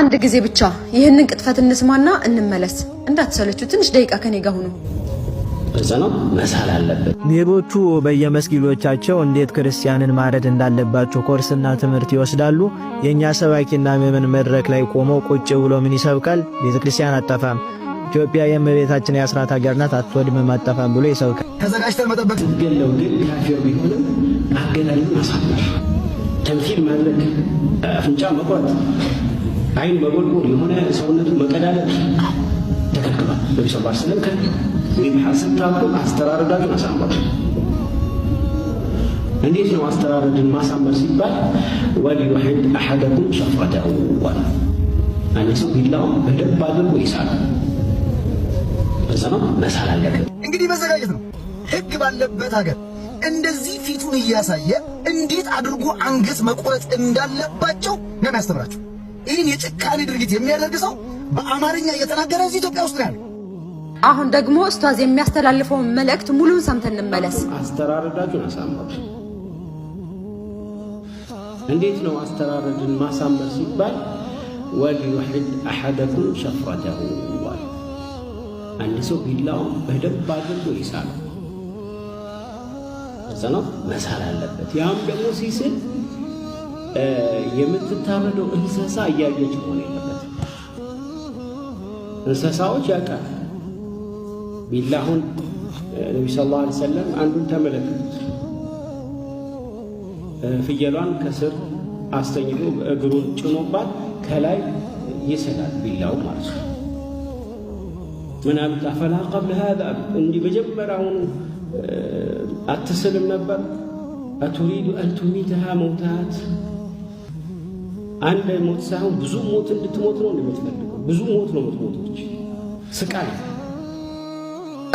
አንድ ጊዜ ብቻ ይህንን ቅጥፈት እንስማና እንመለስ። እንዳትሰለቹ ትንሽ ደቂቃ ከኔ ጋር ሁኑ። ሌቦቹ በየመስጊዶቻቸው እንዴት ክርስቲያንን ማረድ እንዳለባቸው ኮርስና ትምህርት ይወስዳሉ። የእኛ ሰባኪና ምዕመን መድረክ ላይ ቆመው ቁጭ ብሎ ምን ይሰብካል? ቤተ ክርስቲያን አጠፋም፣ ኢትዮጵያ የእመቤታችን የአስራት ሀገር ናት፣ አትወድምም፣ አጠፋም ብሎ ይሰብካል። ተዘጋጅተን መጠበቅ ገለው ግን ካፊር ቢሆንም አገዳኝ ማሳመር፣ ተምሲል ማድረግ፣ አፍንጫ መቁረጥ አይን መጎልጎል የሆነ ሰውነቱ መቀዳደል ተከልክሏል። ነቢ ስ ስለም ከ ከሪብሓ ስታምሩ አስተራረዳችሁን አሳምሩ። እንዴት ነው አስተራረድን ማሳመር ሲባል ወሊዩሕድ አሐደኩም ሸፍረተሁ ዋል አንድ ሰው ቢላውም በደንብ አድርጎ ይሳል። በዛ ነው መሳል አለብን። እንግዲህ መዘጋጀት ነው። ህግ ባለበት ሀገር እንደዚህ ፊቱን እያሳየ እንዴት አድርጎ አንገት መቁረጥ እንዳለባቸው ነው የሚያስተምራቸው። ይህን የጭካኔ ድርጊት የሚያደርግ ሰው በአማርኛ እየተናገረ እዚህ ኢትዮጵያ ውስጥ ነው ያለው። አሁን ደግሞ እስቷዝ የሚያስተላልፈውን መልእክት ሙሉን ሰምተን እንመለስ። አስተራረዳችሁ ነሳማር እንዴት ነው? አስተራረድን ማሳመር ሲባል ወልዩሕድ አሐደኩም ሸፍረተሁ ይባል። አንድ ሰው ቢላውን በደንብ አድርጎ ይሳል ነው መሳል አለበት። ያም ደግሞ ሲስል የምትታረደው እንስሳ እያየች መሆን የለበት። እንስሳዎች ያውቃል። ቢላሁን ነቢ ስ ላ ሰለም አንዱን ተመለከቱት። ፍየሏን ከስር አስተኝቶ እግሩን ጭኖባት ከላይ ይስላል ቢላው ማለት ነው። ምን አፈላ ቀብል ሀዛ እንዲህ መጀመሪያውኑ አትስልም ነበር። አቱሪዱ አንቱሚትሃ መውታት አንድ ሞት ሳይሆን ብዙ ሞት እንድትሞት ነው እንደምትፈልገው። ብዙ ሞት ነው የምትሞቶች ስቃይ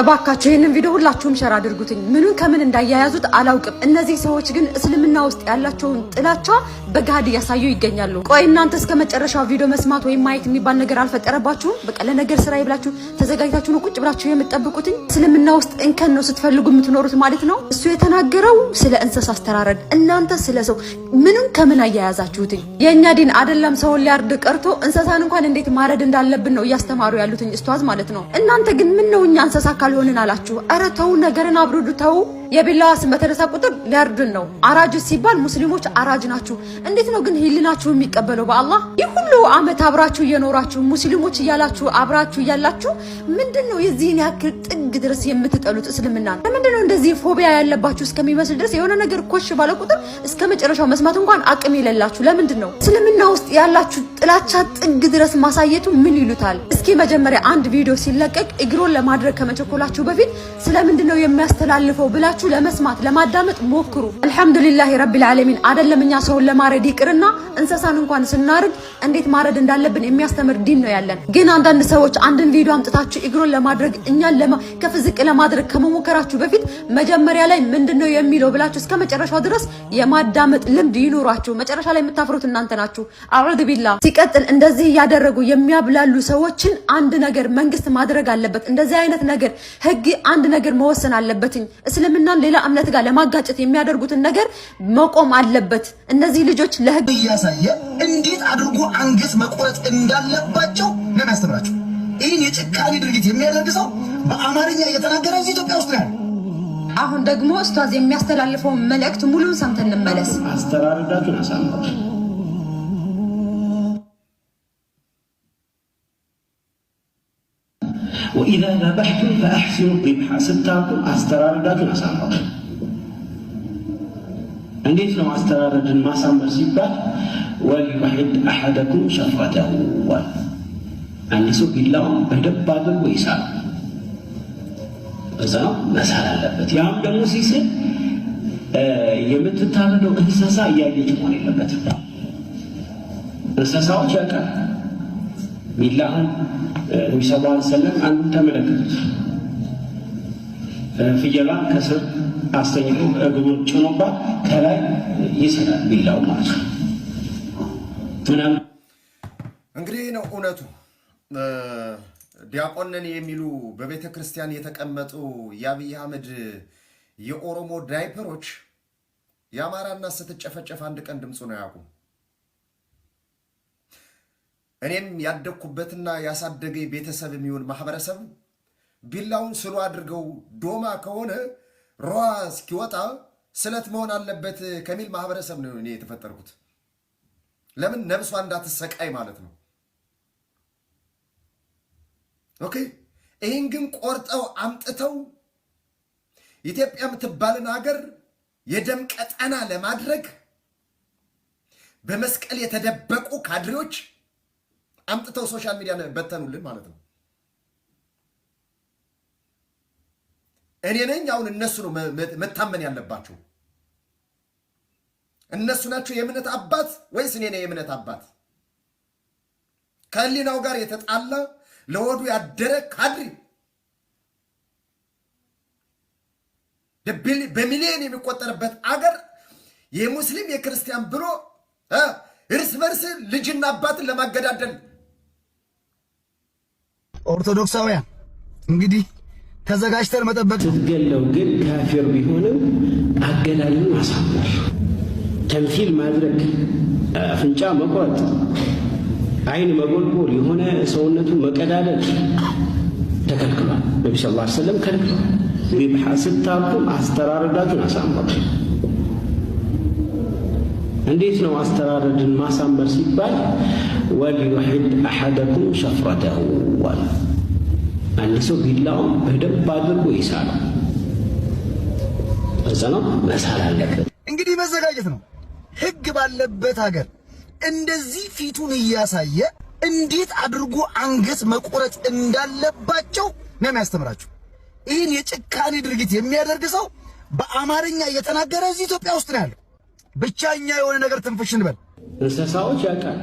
እባካችሁ ይህንን ቪዲዮ ሁላችሁም ሸር አድርጉትኝ። ምኑን ከምን እንዳያያዙት አላውቅም። እነዚህ ሰዎች ግን እስልምና ውስጥ ያላቸውን ጥላቻ በጋድ እያሳዩ ይገኛሉ። ቆይ እናንተ እስከ መጨረሻው ቪዲዮ መስማት ወይም ማየት የሚባል ነገር አልፈጠረባችሁም? በቃ ለነገር ስራ ይብላችሁ ተዘጋጅታችሁ ነው ቁጭ ብላችሁ የምትጠብቁትኝ? እስልምና ውስጥ እንከን ነው ስትፈልጉ የምትኖሩት ማለት ነው። እሱ የተናገረው ስለ እንስሳ አስተራረድ፣ እናንተ ስለ ሰው ምኑን ከምን አያያዛችሁትኝ? የእኛ ዲን አደለም ሰውን ሊያርድ ቀርቶ እንስሳን እንኳን እንዴት ማረድ እንዳለብን ነው እያስተማሩ ያሉትኝ እስተዋዝ ማለት ነው። እናንተ ግን ምን ነው እኛ እንስሳ ካልሆንን አላችሁ። እረ ተው ነገርን አብርዱ ተው። የቢላዋ ስም በተነሳ ቁጥር ሊያርዱን ነው። አራጅ ሲባል ሙስሊሞች አራጅ ናችሁ። እንዴት ነው ግን ህሊናችሁ የሚቀበለው? በአላህ ይህ ሁሉ አመት አብራችሁ እየኖራችሁ ሙስሊሞች እያላችሁ አብራችሁ እያላችሁ ምንድን ነው የዚህን ያክል ጥግ ድረስ የምትጠሉት እስልምና? ለምንድን ነው እንደዚህ ፎቢያ ያለባችሁ እስከሚመስል ድረስ የሆነ ነገር ኮሽ ባለ ቁጥር እስከ መጨረሻው መስማት እንኳን አቅም የሌላችሁ ለምንድን ነው? እስልምና ውስጥ ያላችሁ ጥላቻ ጥግ ድረስ ማሳየቱ ምን ይሉታል? እስኪ መጀመሪያ አንድ ቪዲዮ ሲለቀቅ እግሮን ለማድረግ ከመቸኮላችሁ በፊት ስለምንድን ነው የሚያስተላልፈው ብላችሁ ሆናችሁ ለመስማት ለማዳመጥ ሞክሩ። አልሐምዱሊላህ ረቢል ዓለሚን። አይደለም እኛ ሰውን ለማረድ ይቅርና እንስሳን እንኳን ስናርግ እንዴት ማረድ እንዳለብን የሚያስተምር ዲን ነው ያለን። ግን አንዳንድ ሰዎች አንድን ቪዲዮ አምጥታችሁ ኢግኖር ለማድረግ እኛን ከፍ ዝቅ ለማድረግ ከመሞከራችሁ በፊት መጀመሪያ ላይ ምንድን ነው የሚለው ብላችሁ እስከ መጨረሻው ድረስ የማዳመጥ ልምድ ይኑራችሁ። መጨረሻ ላይ የምታፍሩት እናንተ ናችሁ። አዑዙ ቢላ። ሲቀጥል እንደዚህ እያደረጉ የሚያብላሉ ሰዎችን አንድ ነገር መንግስት ማድረግ አለበት። እንደዚህ አይነት ነገር ህግ አንድ ነገር መወሰን አለበትኝ እስልምና ክርስትናን ሌላ እምነት ጋር ለማጋጨት የሚያደርጉትን ነገር መቆም አለበት። እነዚህ ልጆች ለህግ እያሳየ እንዴት አድርጎ አንገት መቆረጥ እንዳለባቸው ነው ያስተምራቸው። ይህን የጭካኔ ድርጊት የሚያደርግ ሰው በአማርኛ እየተናገረ እዚህ ኢትዮጵያ ውስጥ ነው። አሁን ደግሞ እስቷዝ የሚያስተላልፈውን መልእክት ሙሉን ሰምተን እንመለስ። አስተራረዳችሁን ኢዛ ዘበሕቱም ፈአሕሲኑ ሪብሓ ስታርቱ አስተራረዳችሁ አሳምሩ። እንዴት ነው አስተራረድን ማሳመር ሲባል ወልዩሕድ አሐደኩም ሸፍረተሁ ዋል አንድ ሰው ቢላውን በደንብ አድርጎ ይሳል። እዛ መሳል አለበት። ያም ደግሞ ሲስል የምትታረደው እንስሳ እያየች መሆን የለበትም። እንስሳዎች ያውቃል ሚላህን ነቢ ስ ላ ሰለም አንዱን ተመለከቱት። ፍየሏን ከስር አስተኝቶ እግሩን ጭኖባ ከላይ ይሰራል ሚላው ማለት ነው። ምናምን እንግዲህ ነው እውነቱ። ዲያቆንን የሚሉ በቤተ ክርስቲያን የተቀመጡ የአብይ አህመድ የኦሮሞ ዳይፐሮች የአማራና ስትጨፈጨፍ አንድ ቀን ድምፁ ነው ያውቁ እኔም ያደግኩበትና ያሳደገ ቤተሰብ የሚሆን ማህበረሰብ ቢላውን ስሎ አድርገው ዶማ ከሆነ ሯ እስኪወጣ ስለት መሆን አለበት ከሚል ማህበረሰብ ነው እኔ የተፈጠርኩት። ለምን ነብሷ እንዳትሰቃይ ማለት ነው። ኦኬ። ይህን ግን ቆርጠው አምጥተው ኢትዮጵያ የምትባልን ሀገር የደም ቀጠና ለማድረግ በመስቀል የተደበቁ ካድሬዎች አምጥተው ሶሻል ሚዲያ በተኑልን ማለት ነው። እኔ ነኝ አሁን እነሱ ነው መታመን ያለባቸው። እነሱ ናቸው የእምነት አባት ወይስ እኔ ነኝ የእምነት አባት? ከህሊናው ጋር የተጣላ ለወዱ ያደረ ካድሪ በሚሊዮን የሚቆጠርበት አገር የሙስሊም የክርስቲያን ብሎ እርስ በርስ ልጅና አባትን ለማገዳደል ኦርቶዶክሳውያን እንግዲህ ተዘጋጅተን መጠበቅ ስትገለው ግን ካፊር ቢሆንም አገዳልን ማሳመር፣ ተምሲል ማድረግ፣ አፍንጫ መቁረጥ፣ አይን መጎልጎል፣ የሆነ ሰውነቱ መቀዳደል ተከልክሏል። ነቢ ስ ላ ሰለም ከልክሏል። ሪብሓ ስታርኩም አስተራረዳችሁን አሳምሩ። እንዴት ነው አስተራረድን ማሳመር ሲባል ወልዩሒድ አሐደኩም ሸፍረተሁ ዋል አንድ ሰው ቢላውን በደንብ አድርጎ ይሳል። እዛ ነው መሳል አለበት። እንግዲህ መዘጋጀት ነው። ህግ ባለበት ሀገር እንደዚህ ፊቱን እያሳየ እንዴት አድርጎ አንገት መቆረጥ እንዳለባቸው ነው የሚያስተምራቸው። ይህን የጭካኔ ድርጊት የሚያደርግ ሰው በአማርኛ እየተናገረ እዚህ ኢትዮጵያ ውስጥ ነው ያለው። ብቻ እኛ የሆነ ነገር ትንፍሽ እንበል። እንስሳዎች ያውቃል።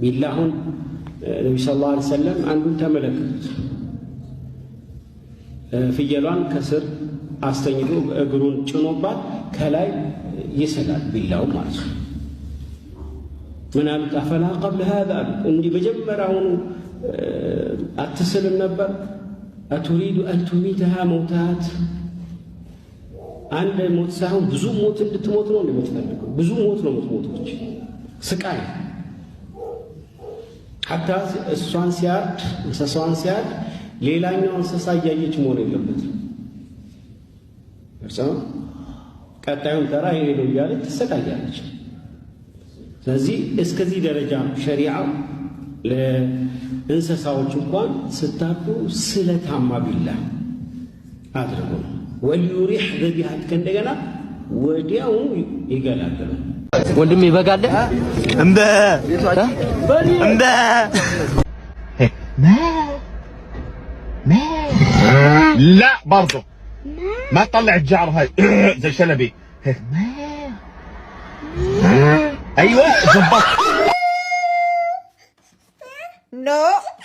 ቢላሁን ነቢ ስ ላ ሰለም አንዱን ተመለከቱት። ፍየሏን ከስር አስተኝቶ እግሩን ጭኖባት ከላይ ይስላል ቢላው ማለት ነው። ምን አሉት? ቀብል ሀዛ እንዲህ መጀመሪያውኑ አትስልም ነበር? አቱሪዱ አንቱሚተሃ መውታት አንድ ሞት ሳይሆን ብዙ ሞት እንድትሞት ነው እንደምትፈልገው። ብዙ ሞት ነው የምትሞቶች፣ ስቃይ ሀታ እሷን ሲያርድ እንስሳዋን ሲያርድ ሌላኛው እንስሳ እያየች መሆን የለበትም። እርስ ቀጣዩን ተራ ይሄ ነው እያለች ትሰቃያለች። ስለዚህ እስከዚህ ደረጃ ሸሪዓው ለእንስሳዎች እንኳን ስታቁ ስለታማ ቢላ አድርጎ ነው وليريح ذبيحتك كندجنا ودياو يقال عندنا ወንድም ይበጋለ እንበ እንበ لا برضه ما تطلع الجعر هاي زي شلبي ايوه زبط نو no.